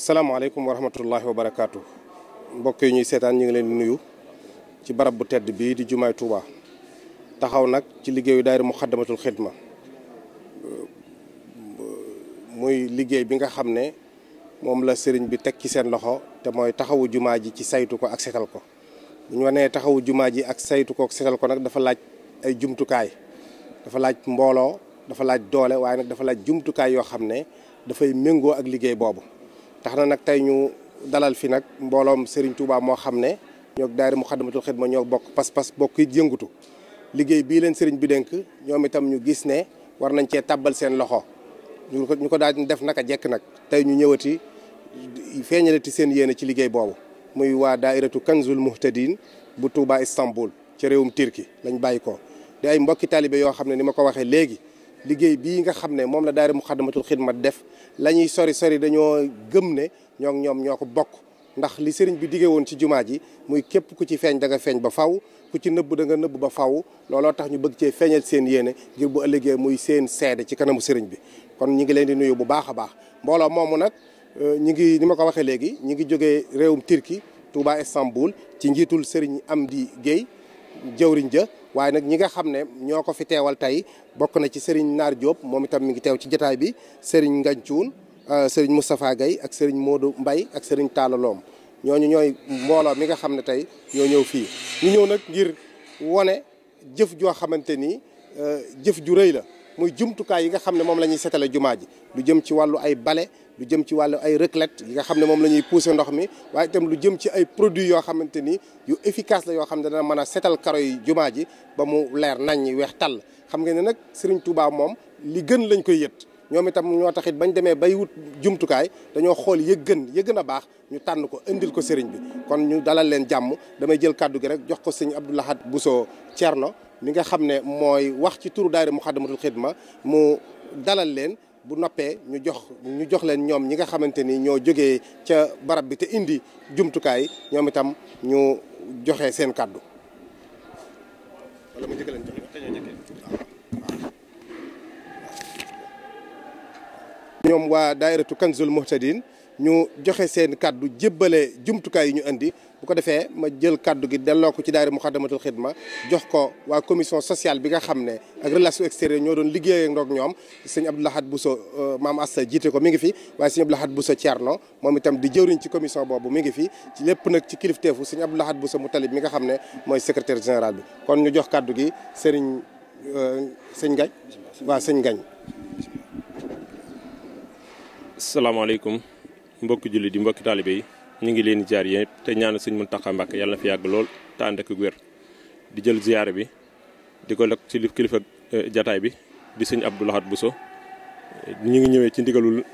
salaamaaleykum wa rahmatullahi wa barakaatu mbokk yi ñuy seetaan ñu ngi leen di nuyu ci barab bu tedd bii di jumaay tuuba taxaw nag ci liggéeyu daayira Muxaddamatul Xidma muy liggéey bi nga xam ne moom la sëriñ bi teg ci seen loxo te mooy taxawu jumaa ji ci saytu ko ak setal ko bu ñu wanee taxawu jumaa ji ak saytu ko ak setal ko nag dafa laaj ay jumtukaay dafa laaj mbooloo dafa laaj doole waaye nag dafa laaj jumtukaay yoo xam ne dafay méngoo ak liggéey boobu tax na nag tey ñu dalal fi nag mbooloom Serigne Touba moo xam ne ñoog daayira Muxaddamatul Xidma ñoo bokk pas-pas bokk it yëngutu liggéey bii leen Serigne bi dénk ñoom itam ñu gis ne war nañ cee tàbbal seen loxo ñu ko ñu ko daal def naka jekk nag tey ñu ñëwati feeñalati seen yéene ci liggéey boobu muy waa daairatu Kanzul Muhtadin bu Touba Istanbul ci réewum Turquie lañ bàyyi ko di mbokki taalibe yoo xam ne ni ma ko waxee léegi liggéey bii nga xam ne moom la daayira Muxaddamatul Xidma def la ñuy sori sori dañoo gëm ne ñoo ñoom ñoo ko bokk ndax li sëriñ bi diggee woon ci jumaa ji muy képp ku ci feeñ danga feeñ ba faw ku ci nëbb da nga nëbb ba faw looloo tax ñu bëgg cee feeñal seen yéene ngir bu ëllëgee muy seen seede ci kanamu sëriñ bi kon ñu ngi leen di nuyu bu baaxa baax mbooloo moomu nag euh, ñu ngi ni ma ko waxee léegi ñu ngi jógee réewum Turquie Touba Istanbul ci njiitul sëriñ Amdi Guèye jëwriñ ja waaye nag ñi nga xam ne ñoo ko fi teewal tey bokk na ci Serigne Naar Diop moom itam mi ngi teew ci jataay bi Serigne Ngagne Thioune euh, Serigne Moustapha Guèye ak Serigne Modou mbay ak Serigne Talla Loom ñooñu ñooy mbooloo mi nga xam ne tey ñoo ñëw fii. ñu ñëw nag ngir wone jëf joo xamante ni euh, jëf ju rëy la muy jumtukaay yi nga xam ne moom la ñuy setale jumaa ji lu jëm ci wàllu ay bale lu jëm ci wàllu ay raclette yi nga xam ne moom la ñuy pousser ndox mi waaye itam lu jëm ci ay produits yoo xamante ni yu efficace la yoo xam ne dana mën a setal karo yi jumaa ji ba mu leer nañ weex tàll xam nga ne nag Serigne Touba moom li gën lañ koy yët ñoom itam ñoo taxit bañ demee bay wut jumtukaay dañoo xool yëg gën yë gën a baax ñu tànn ko indil ko sëriñ bi kon ñu dalal leen jàmm damay jël kàddu gi rek jox ko sëñ Abdou Lahad Bousso Thierno mi nga xam ne mooy wax ci turu daayira Muxaddamatul Xidma mu dalal leen bu noppee ñu jox ñu jox leen ñoom ñi nga xamante ni ñoo jógee ca barab bi te indi jumtukaay ñoom itam ñu joxe seen kàddu wala ma njëkk leen jox ñoom waa daairatu Kanzul Muhtadin ñu joxe seen kàddu jébbale jumtukaay yi ñu indi bu ko defee ma jël kàddu gi delloo ko ci daayira Muxaddamatul Xidma jox ko waa commission sociale bi nga xam ne ak relation extérieure ñoo doon liggéey ak ñoom sëñ Abdou bu Bousso euh, maam Assa jiite ko mi ngi fi waaye sëñ Abdou Lahad Bousso Thierno moom itam di jëwriñ ci commission boobu mi ngi fi lépp nag ci kilifteefu sëñ Abdou Lahad Bousso mu talib mi nga xam ne mooy secrétaire général bi kon ñu jox kàddu gi sëriñ euh, sëñ Gañ sëñ Gañ asalaamaaleykum mbokki jullit di mbokki taalibe yi ñu ngi leen jaar yépp te ñaanal sëñ Muntaxa Mbàkke yàlla na fi yàgg lool te ànd ak di jël ziyaare bi di ko lekk ci kilifa eh, jataay bi di sëñ Abdou Lahad Bousso ñu ngi ñëwee ci ndigalul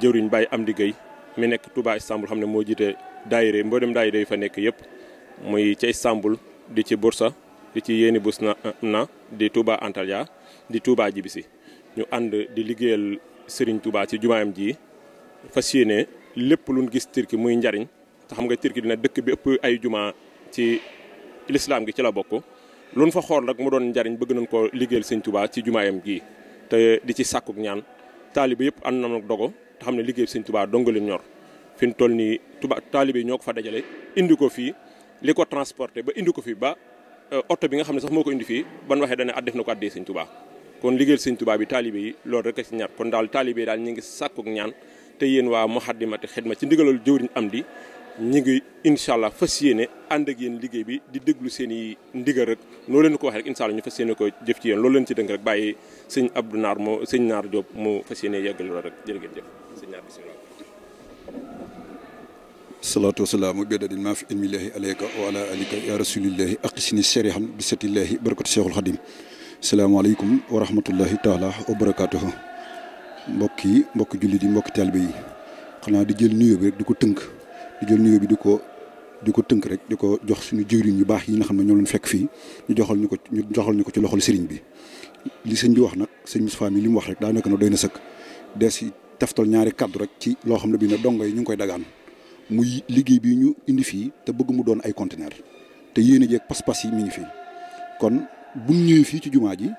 jëwriñ Baye Amdi Gueye mu nekk Touba Istanbul xam ne moo jiite daayire mboolem daayire yi fa nekk yëpp muy ca Istanbul di ci Bursa di ci yéeni bus na na di Touba Antalya di Touba Jibisi ñu ànd di liggéeyal Serigne Touba ci jumaayam ji fas yéene lépp lu luñ gis Turquie muy njariñ te xam nga Turquie dina dëkk bi ëpp ay juma ci lislaam gi ci la bokk luñ fa xool rek mu doon njariñ bëgg nañ ko liggéeyal sañ tubaa ci jumaayam gii te di ci sàkkuk ñaan taalibe yëpp ànd na nag te xam ne liggéeyal sëñ Touba dong leen ñor fi mu toll nii Touba taalibe ñoo ko fa dajale indi ko fii li ko transporté ba indi ko fii ba euh, oto bi nga xam ne sax moo ko indi fii ban waxee dane at def na ko addee sëñ Touba kon liggéeyal sëñ Touba bi taalibe yi loolu rek ci ñaar kon daal taalibe yi daal ñu ngi sàkkuk ñaan te yéen waa Moukhaddamatoul Khidma ci ndigalal jëwriñ am di ñu ngi incha allah fas yéene ànd ak liggéey bi di déglu seeni i ndigal rek noo leen ko waxee rek incha ñu fas yéene ko jëf ci yéen loolu leen ci dënk rek bàyyi sëñ Abdou Naar moo sëñ Naar Diop moo fas yéene yeggal rek jërë ngeen jëf sëñ Naar bisimilah. salaatu wasalaamu bedadin maa fi ilmillahi aleyka wa ala alika ya rasulillahi aqisini serihan bisatillahi barakatu cheikhul xadim salaamaaleykum wa rahmatullahi taala wa barakatuhu mbokk yi mbokk jullit yi mbokk taalibe yi xanaa di jël nuyoo bi di ko tënk di jël nuyoo bi di ko di ko tënk rek di ko jox suñu jëwriñ yu baax yi nga xam ne ñoo leen fekk fii ñu joxal ñu ko ñu joxal ñu ko ci loxol sëriñ bi li sëñ bi wax nag sëñ Moustapha mi li mu wax rek daa daanaka na doy na sëkk des yi taftal ñaari kàddu rek ci loo xam ne bii ne dongo yi ñu ngi koy dagaan muy liggéey bi ñu indi fii te bëgg mu doon ay conteneur te yéen a jeeg pas-pas yi mi ngi fii kon buñ ñëwee fii ci jumaa ji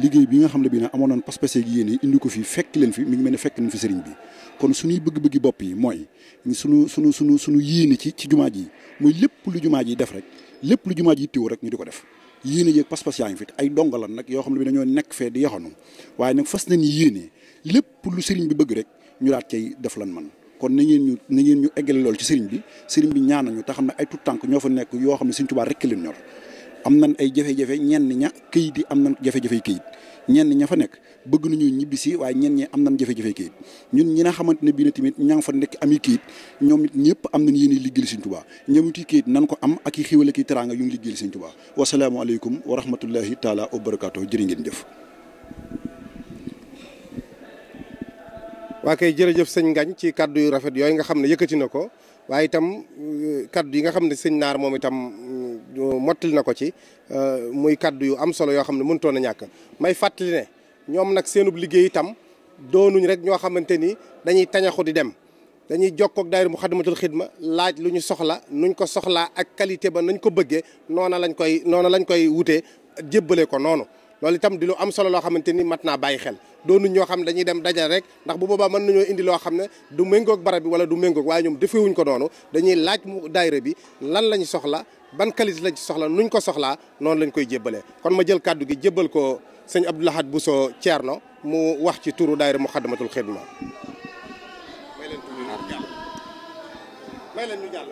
liggéey bi nga xam ne bii nag amoon nañ pas-pas ak yéen indi ko fi fekk leen fi mi ngi mel ne fekk nañ fi sëriñ bi kon suñuy bëgg-bëggi bopp yi mooy suñu suñu suñu suñu yéene ci ci jumaa ji mooy lépp lu jumaa ji def rek lépp lu jumaa ji tiw rek ñu di ko def yéene yeeg pas-pas yaa ngi fi ay dongalan nag yoo xam ne bi dañoo nekk fee di yaxanu waaye nag fas ni yéene lépp lu sëriñ bi bëgg rek ñu daat cay def lan man kon na ngeen ñu na ngeen ñu eggale loolu ci sëriñ bi sëriñ bi ñaan nañu te xam ne ay tout tànk ñoo fa nekk yoo xam ne Sëriñ Tuubaa rekk leen am nañ ay jafe-jafe ñenn ña këyit yi am na jafe-jafe këyit ñenn ña fa nekk bëgg nañu ñibbi si waaye ñenn ñi am nañ jafe-jafe këyit ñun ñi nga xamante ne bii na tamit ña nga fa nekk ami këyit ñoom it ñëpp am nañ yéen liggéeyal Sëñ Tuubaa ñoom it këyit nan ko am ak i xéwal ak i teraanga yu ngi liggéeyal Sëñ Tuubaa wasalaamaaleykum wa rahmatullahi taala wa barakaatu jërë ngeen waa kay jërëjëf sëñ Ngañ ci kàddu yu rafet yooyu nga xam ne yëkkati na ko waaye itam kàddu yi nga xam ne sëñ Naar moom itam mottali na ko ci euh, muy kàddu yu am solo yoo xam ne mënutoon a ñàkk may fàttali ne ñoom nag seenub liggéey itam doonuñ rek ñoo xamante ni dañuy tañaxu di dem dañuy jokkoog daayira Muxaddamatul Xidma laaj lu ñu soxla nuñ ko soxlaa ak qualité ba nañ ko bëggee noona lañ koy noona lañ koy wutee jébbale ko noonu loolu itam di lu am solo loo xamante ni mat naa bàyyi xel doonuñ ñoo xam ne dañuy dem dajal rek ndax bu boobaa mën nañoo indi loo xam ne du méngoog barab bi wala du méngoog waaye ñoom defewuñ ko noonu dañuy laaj mu daayira bi lan lañ soxla ban qualité lañ soxla nuñ ko soxlaa noonu lañ koy jébbalee kon ma jël kàddu gi jébbal ko sëñ Abdou Lahad Bousso Thierno mu wax ci turu daayira Muxaddamatul Xidma may leen ñu jàll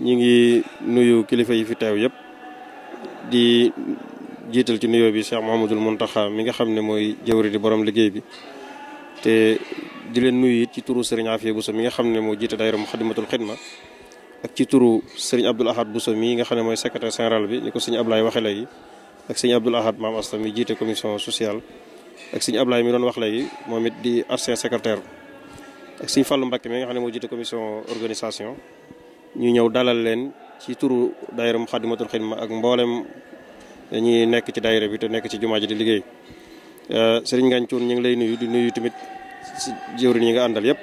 ñi ngi nuyu kilifa yi fi teew yëpp di jiital ci nuyoo bi Cheikh Mouhamadul Mountakha mi nga xam ne mooy jëwri di borom liggéey bi te di leen nuyu it ci turu Serigne bu Bousso mi nga xam ne moo jiite daayira Muxaddamatul Xidma ak ci turu Serigne Abdoul bu Bousso mi nga xam ne mooy secrétaire général bi ni ko Serigne Ablaye waxee léegi ak Serigne Abdoul Ahad Maam Asta mi jiite commission sociale ak Serigne Ablaye mi doon wax léegi moom it di ancien secrétaire ak Serigne Fallou mi nga xam ne moo jiite commission organisation ñu ñëw dalal leen ci turu daayira Muxaddamatul Xidma ak mbooleem dañuy nekk ci dayre bi te nekk ci jumaa ji di liggéey euh, sëriñ Ngagne Thioune ñu ngi lay nuyu di nuyu tamit si jëwriñ yi nga àndal yëpp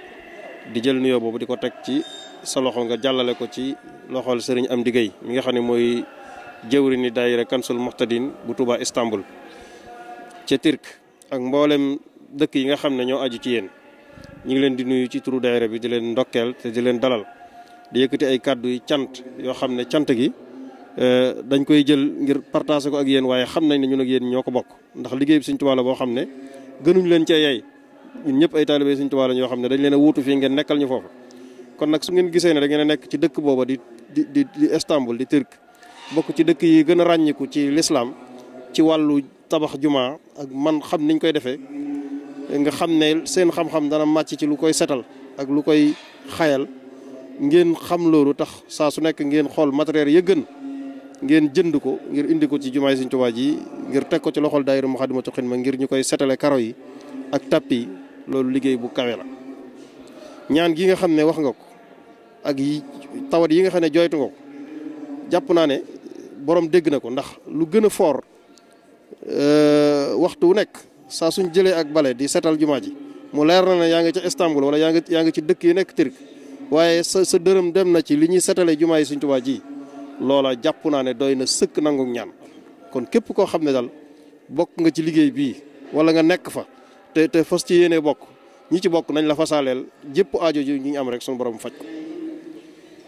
di jël nuyoo boobu di ko teg ci sa loxo nga jàllale ko ci loxol sëriñ am liggéey mi nga xam ne mooy jëwriñu daayira Kansul Muxtadin bu tubaa Istanbul ca Turc ak mboolem dëkk yi nga xam ne ñoo aju ci yenn ñu ngi leen di nuyu ci turu daayira bi di leen ndokkeel te di leen dalal di yëkkati ay kàddu yi cant yoo xam ne cant gi eh, dañ koy jël ngir partager ko ak yéen waaye xam nañ ne ñun ak yéen ñoo ko bokk ndax liggéey bi Sëñ Tuubaa boo xam ne gënuñ leen cee ñëpp ay taalibe Sëñ Tuubaa ñoo xam ne dañ leen a wuutu fii ngeen nekkal ñu foofu kon nag su ngeen gisee ne da ngeen nekk ci dëkk booba di di di di Istanbul di Turc bokk ci dëkk yi gën a ràññiku ci lislaam ci wàllu tabax juma ak man xam niñ koy defee nga xam ne seen xam-xam dana màcc ci lu koy setal ak lu koy xayal ngeen xam loolu tax saa su nekk ngeen xool matériel ya gën ngeen jënd ko ngir indi ko ci jumaay Sëriñ Tuubaa ji ngir teg ko ci loxol daayira Moukhaddamatoul Khidma ngir ñu koy setale karo yi ak tapp loolu liggéey bu kawe la ñaan gi nga xam ne wax nga ko ak yi tawat yi nga xam ne jooytu nga ko jàpp naa ne borom dégg na ko ndax lu gën a foor euh, waxtu wu nekk saa suñ jëlee ak bale di setal jumaa ji mu leer na ne yaa ngi ca Istanbul wala yaa ngi yaa ngi ci dëkk yi nekk Turquie waaye sa sa dërëm dem na ci li ñuy setale jumaa yi Sëriñ Tuubaa ji loola jàpp naa ne doy na sëkk nangu ñaan kon képp koo xam ne daal bokk nga ci liggéey bii wala nga nekk fa te te fas ci yéene bokk ñi ci bokk nañ la fasaaleel jëpp ajo ji ñu am rek suñu borom faj ko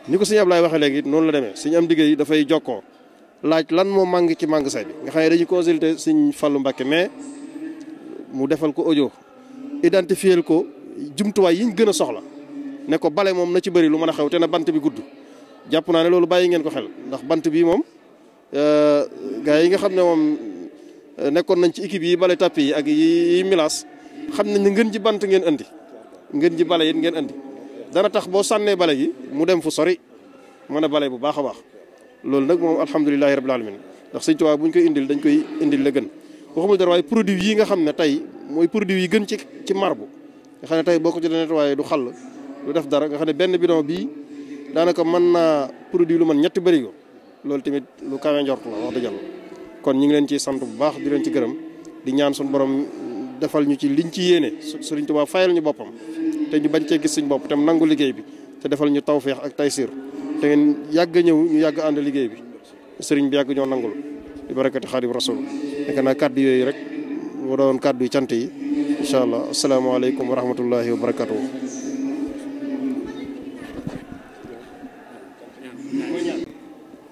ni ko sëñ Ablaye waxee léegi noonu la demee suñu am liggéey dafay jokkoo laaj lan moo màng ci màng say bi nga xam ne dañuy consulter sëñ Fallou Mbacké mais mu defal ko audio identifier ko jumtuwaay yi ñu gën a soxla. ne ko bale moom na ci bari lu mën a xew te na bant bi gudd jàpp naa ne loolu bàyyi ngeen ko xel ndax bant bi moom euh, gars yi nga xam ne moom euh, nekkoon nañ ci équipe yi bale tàpp yi ak yi milaas xam nañ ne ngeen ji bant ngeen andi ngeen ji bale it ngeen indi dana tax boo sànnee bale gi mu dem fu sori mën a bale bu baax a baax loolu nag moom alhamdulilahi rabbil alamin ndax sëñ Tuubaa buñ koy indil dañ koy indil la gën waxuma dara waaye produit yi nga xam ne tey mooy produit yi gën ci ci marbu nga xam ne tey boo ko ci nettoyé du xàll lu def dara nga xam ne benn bidon bii daanaka mën naa produit lu man ñetti bërigo loolu tamit lu kawe njort la wax dëgg kon ñu ngi leen ciy sant bu baax di leen ci gërëm di ñaan suñu borom defal ñu ci liñ ci yéene su Sëriñ Tuubaa fayal ñu boppam te ñu bañ cee gis suñ bopp tam nangu liggéey bi te defal ñu tawféex ak taysiir te ngeen yàgg ñëw ñu yàgg ànd liggéey bi sëriñ bi yàgg ñoo nangul di barakati xaadim rasul nekk naa kàddu yooyu rek mu doon kàddu yi cant yi incha allah asalaamaaleykum wa rahmatullahi wa barakatuh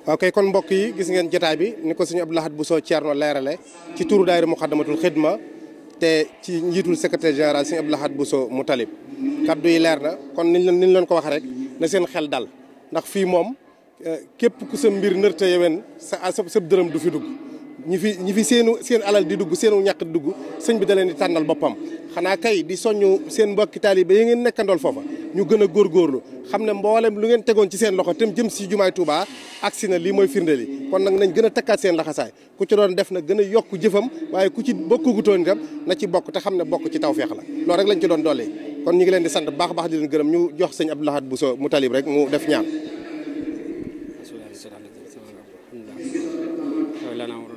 waaw kay kon mbokk yi gis ngeen jotaay bi ni ko suñu Abdou Lahad Bousso Thierno leerale ci turu daayira Muxaddamatul Xidma te ci njiitul secrétaire général suñu Abdou bu Bousso mu talib kaddu yi leer na kon niñ leen niñ leen ko wax rek na seen xel dal ndax fii moom eh, képp ku sa mbir nërte yewen sa sa dërëm du fi dugg ñi fi ñi fi seenu seen alal di dugg seenu ñàkk di dugg sëñ bi da leen di tànnal boppam xanaa kay di soññu seen mbokki taalibe yi ngeen nekkandool foofa ñu gën a góorgóorlu xam ne mboolem lu ngeen tegoon ci seen loxo tam jëm si jumaay Touba agsi na lii mooy firnde li kon nag nañ gën a takkaat seen laxasaay ku ci doon def na gën a yokk jëfam waaye ku ci bokkugutoon itam na ci bokk te xam ne bokk ci tawfeex la loolu rek lañ ci doon dolli kon ñu ngi leen di sant baax baax di leen gërëm ñu jox sëñ Abdou Lahad Bousso mu talib rek mu def ñaan lana